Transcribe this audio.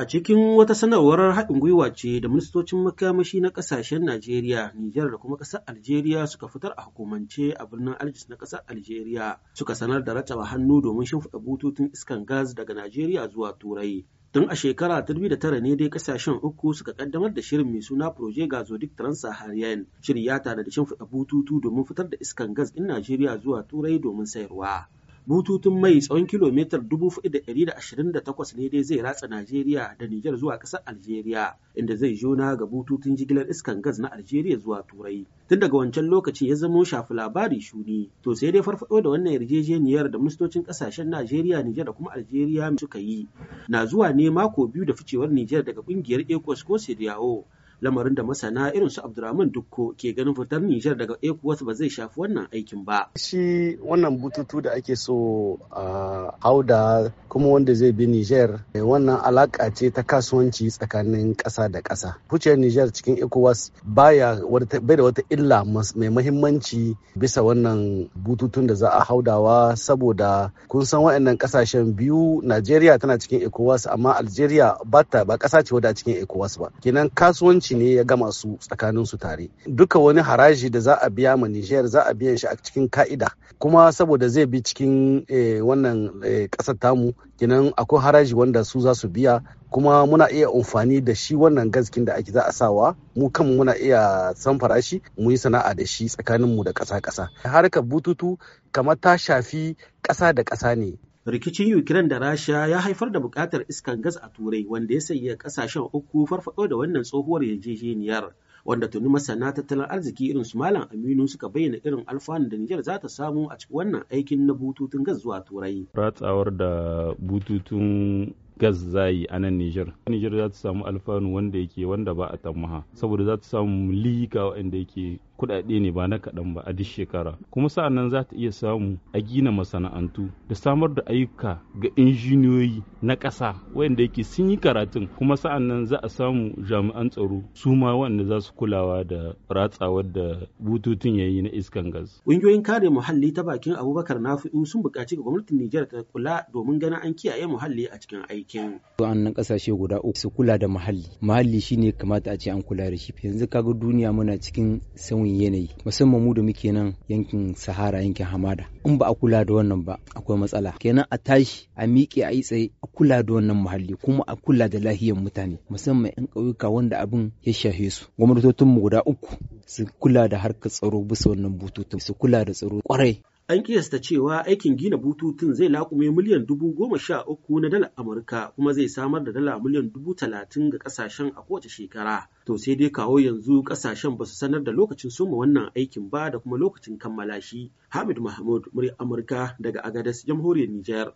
A cikin wata sanarwar haɗin gwiwa ce da ministocin makamashi na ƙasashen Najeriya, Nijar da kuma ƙasar Algeria suka fitar a hukumance a birnin Aljis na ƙasar Algeria suka sanar da rataba hannu domin shimfiɗa bututun iskan gas daga Najeriya zuwa Turai. Tun a shekara ta tara ne dai ƙasashen uku suka ƙaddamar da shirin mai suna Proje Gazodik transaharian shirya tare da shimfiɗa bututu domin fitar da iskan gas ɗin Najeriya zuwa Turai domin sayarwa. bututun mai tsawon kilomitar 4,128 ne dai zai ratsa Najeriya da Nijar zuwa ƙasar Algeria inda zai jona ga bututun jigilar iskan gas na Algeria zuwa Turai. Tun daga wancan lokaci ya zama shafi labari shuni to sai dai farfado da wannan yarjejeniyar da ministocin ƙasashen Najeriya, Nijar da kuma Algeria suka yi na zuwa ne mako biyu da ficewar Nijar daga ƙungiyar ECOWAS ko CEDEAO lamarin da masana irin su Abdurrahman Dukko ke ganin fitar Nijar daga ECOWAS ba zai shafi wannan aikin ba. Shi wannan bututu da ake so a hauda kuma wanda zai bi Nijar wannan alaka ce ta kasuwanci tsakanin ƙasa da ƙasa. Fuciyar Nijar cikin ECOWAS baya bai da wata illa mai mahimmanci bisa wannan bututun da za a haudawa saboda kun san waɗannan kasashen biyu Najeriya tana cikin ECOWAS amma Algeria ba ta ba ƙasa ce wadda cikin ECOWAS ba. Kenan kasuwanci ta'addanci ne ya gama su tsakanin su tare duka wani haraji da za a biya ma Niger za a biyan shi a cikin ka'ida kuma saboda zai bi cikin eh, wannan kasar eh, tamu kenan akwai haraji wanda su za su biya kuma muna iya amfani da shi wannan gaskin da ake za a sawa mu kanmu muna iya san farashi mu yi sana'a da shi tsakaninmu da ƙasa-ƙasa harkar bututu kamar ta shafi ƙasa da ƙasa ne Rikicin Ukraine da Rasha ya haifar da bukatar iskan gas a Turai wanda ya sanya kasashen uku farfaɗo da wannan tsohuwar yarjejeniyar. Wanda tuni masana tattalin arziki irin su Malam Aminu suka bayyana irin alfanu da Nijar za ta samu a cikin wannan aikin na bututun gas zuwa Turai. Ratsawar da bututun gas za yi a nan Nijar. niger za ta samu alfanu wanda yake wanda ba a tamaha saboda za ta samu lika wa'anda yake kuɗaɗe ne ba na kaɗan ba a duk shekara kuma sa'an nan za ta iya samu a gina masana'antu da samar da ayyuka ga injiniyoyi na ƙasa wanda yake sun yi karatun kuma sa'an nan za a samu jami'an tsaro su ma wanda za su kulawa da ratsawar da bututun yayi na iskan gas. Ƙungiyoyin kare muhalli ta bakin Abubakar Nafi'u sun buƙaci ga gwamnatin Nijar ta kula domin ganin an kiyaye muhalli a cikin aikin. nan ƙasashe guda uku su kula da muhalli. Muhalli shine kamata a ce an kula da shi. Yanzu kaga duniya muna cikin sauyi sauyin yanayi musamman mu da muke nan yankin sahara yankin hamada in ba a kula da wannan ba akwai matsala kenan a tashi a miƙe a yi tsaye a kula da wannan muhalli kuma a kula da lahiyar mutane musamman 'yan ƙauyuka wanda abin ya shafe su mu guda uku su kula da harkar tsaro bisa wannan bututun su kula da tsaro kwarai An kiyasta cewa aikin gina bututun zai laƙume miliyan dubu goma sha uku na dala Amurka kuma zai samar da dala miliyan dubu talatin ga kasashen a kowace shekara. To sai dai kawo yanzu kasashen ba su sanar da lokacin soma wannan aikin ba da kuma lokacin kammala shi. Hamid Mahmud, murya Amurka daga agadas Jamhuriyar Nijar.